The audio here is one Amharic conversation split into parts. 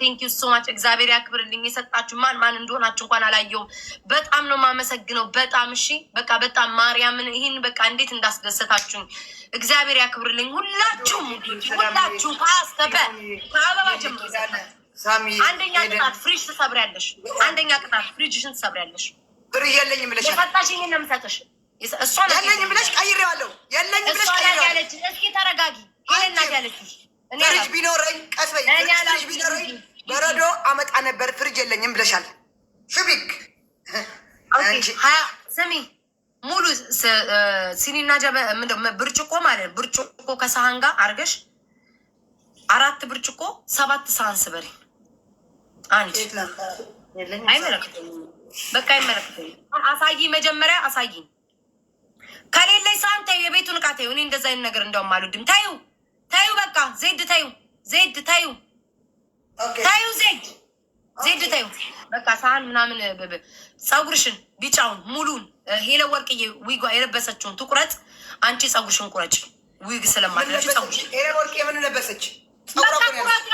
ቴንክ ዩ ሶ ማች እግዚአብሔር ያክብርልኝ። የሰጣችሁ ማን ማን እንደሆናችሁ እንኳን አላየውም። በጣም ነው ማመሰግነው። በጣም እሺ፣ በቃ በጣም ማርያምን ይህን በቃ እንዴት እንዳስደሰታችሁኝ እግዚአብሔር ያክብርልኝ። ሁላችሁም ሁላችሁ ከአስተበ ከአበባ ጀምሮ አንደኛ ቅጣት ፍሪጅ ትሰብሪያለሽ። አንደኛ ቅጣት ፍሪጅሽን ትሰብሪያለሽ። ብር የለኝም ብለሽ የፈጣሽ ይህን ነው የምሰጥሽ። እሷ የለኝም ብለሽ ቀይሬዋለሁ። የለኝም ብለሽ ቀይሬዋለሁ። እስኪ ተረጋጊ ይህን ናት ያለችሽ ፍሪጅ ቢኖረኝ ቀስ በይ። ፍሪጅ ቢኖረኝ በረዶ አመጣ ነበር። ፍሪጅ የለኝም ብለሻል። ሽቢክ ስሚ፣ ሙሉ ሲኒና ጀበ ብርጭቆ ማለት ብርጭቆ ከሳህን ጋር አርገሽ አራት ብርጭቆ ሰባት ሳህን ስበሪ። አንድ አይመለክተኝ፣ በቃ አይመለክተኝ። አሳይ መጀመሪያ አሳይ። ከሌለ ሳህን ተይው፣ የቤቱን ዕቃ ተይው። እኔ እንደዛ አይነት ነገር እንደውም አልወድም። ተይው በቃ ዜድ ታዩ፣ ዜድ ታዩ፣ ታዩ፣ ዜድ ዜድ ታዩ። በቃ ሳህን ምናምን ፀጉርሽን ቢጫውን ሙሉን ሄለ ወርቅዬ ዊጓ የለበሰችውን ትቁረጥ። አንቺ ፀጉርሽን ቁረጭ። ዊግ ስለማድረግ ሄለ ወርቅ የምን ለበሰች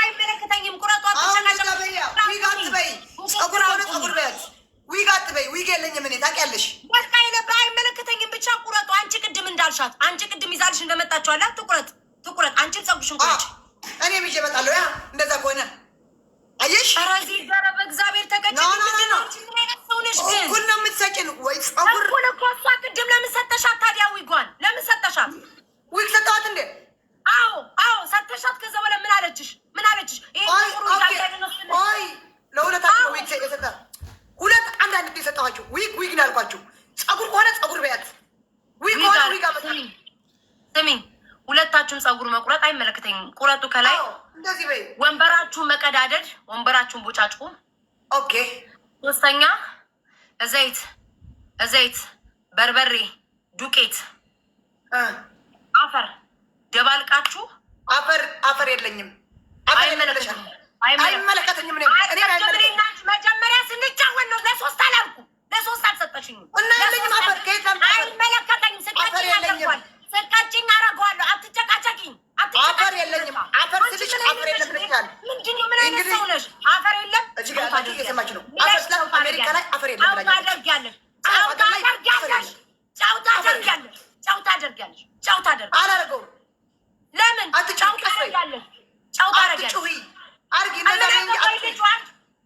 አይመለከተኝም። ብቻ ቁረጡ። አንቺ ቅድም እንዳልሻት አንቺ ቅድም ይዛልሽ እንደመጣችኋላት ትቁረጥ። ትኩረት፣ አንቺም ፀጉርሽን ቁረጭ። እኔ ይዤ እመጣለሁ። ያ እንደዛ ከሆነ አየሽ፣ በእግዚአብሔር ተቀጭ እኩል ነው የምትሰጪን ወይ ፀጉር እኩል እኮ። እሷ ቅድም ለምን ሰጠሻት ታዲያ? ዊጓን ለምን ሰጠሻት? ዊግ ሰጠዋት እንዴ? አዎ አዎ ሰጠሻት። ከዛ በኋላ ምን አለችሽ? ምን አለችሽ? ለሁለት ሁለት አንድ አንድ ሰጠኋቸው። ዊግ ዊግ ነው ያልኳቸው አያቅተኝ። ቁረጡ ከላይ ወንበራችሁን መቀዳደድ፣ ወንበራችሁን ቦጫጭቁ። ኦኬ። ሶስተኛ እዘይት እዘይት፣ በርበሬ፣ ዱቄት፣ አፈር ደባልቃችሁ። አፈር አፈር የለኝም፣ አይመለከተኝም። መጀመሪያ ስንጫወን ነው ለሶስት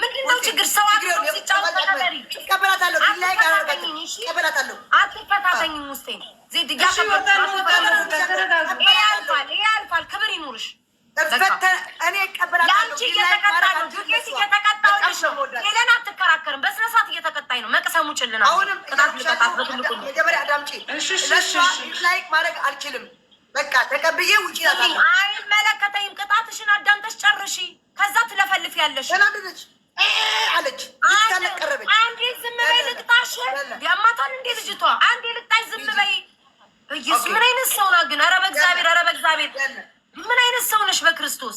ምንድነው ችግር? ሰው አትፈታተኝ ውስጤ ያልፋል። ክብር ይኑርሽ። ለአንቺ እየተቀጣ ዱቄት እየተቀጣሁልሽ ነው። ሄለን አትከራከርም። በስነ ስርዓት እየተቀጣኝ ነው። መቅሰሙ ችልና ቅጣት ልቀጣት በትልቁ ማድረግ አልችልም። በቃ ተቀብዬ ውጪ። አይመለከተኝም። ቅጣትሽን አዳምጠሽ ጨርሺ። ከዛ ትለፈልፊያለሽ። ልጅቷ አንዴ ልጣይ ዝም በይ። ኢየሱስ ምን አይነት ሰው ነው ግን? ኧረ በእግዚአብሔር ኧረ በእግዚአብሔር ምን አይነት ሰው ነሽ? በክርስቶስ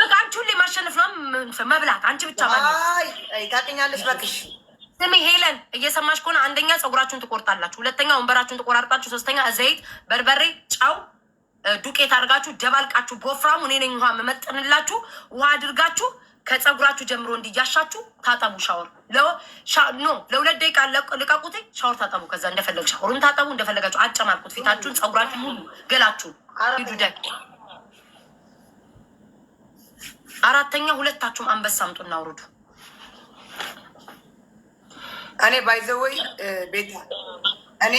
በቃ አንቺ ሁሌ ማሸነፍ ነው መብላት። አንቺ ብቻ ታገኛለሽ። በቃሽ ስሚ ሄለን፣ እየሰማሽ ከሆነ አንደኛ ፀጉራችሁን ትቆርጣላችሁ፣ ሁለተኛ ወንበራችሁን ትቆራርጣችሁ፣ ሶስተኛ ዘይት፣ በርበሬ፣ ጨው፣ ዱቄት አድርጋችሁ ደባልቃችሁ፣ በወፍራሙ እኔ ነኝ ውሃ መመጠንላችሁ ውሃ አድርጋችሁ ከፀጉራችሁ ጀምሮ እንዲያሻችሁ ታጠቡ። ሻወር ኖ ለሁለት ደቂቃ ልቀቁት፣ ሻወር ታጠቡ። ከዛ እንደፈለግ ሻወሩን ታጠቡ፣ እንደፈለጋችሁ አጨማርቁት። ፊታችሁን፣ ፀጉራችሁ ሙሉ ገላችሁን ሂዱ። አራተኛ ሁለታችሁም አንበሳ አምጡና አውርዱ። እኔ ባይዘወይ ቤት እኔ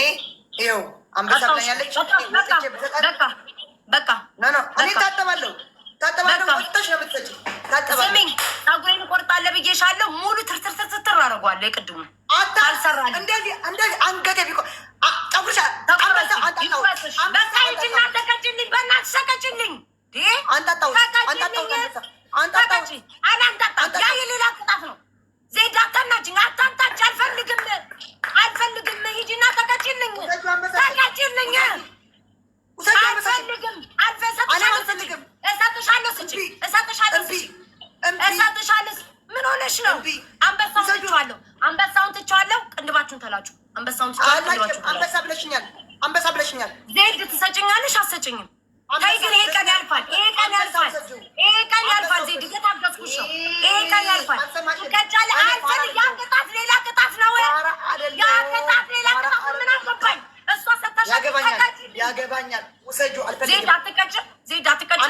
ይኸው አንበሳ ብላኛለች። በቃ በቃ እኔ ታጠባለሁ ስሚኝ ፀጉሬን እቆርጣለሁ ብዬሻለሁ። ሙሉ ትርትር አደርገዋለሁ። የቅድሙ አልሰራልኝ። አንበሳውን ትቼዋለሁ። አንበሳውን ትቼዋለሁ። ቅንድባችሁን ተላጩ። አንበሳውን ትቼዋለሁ። አንበሳ ብለሽኛል። አንበሳ ብለሽኛል። ዘይድ ትሰጭኛለሽ? አትሰጭኝም? ተይ ግን ይሄ ቀን ያልፋል። ይሄ ቀን ያልፋል። ይሄ ቀን ያልፋል። ዘይድ እየታገስኩሽ ነው። ይሄ ቀን ያልፋል።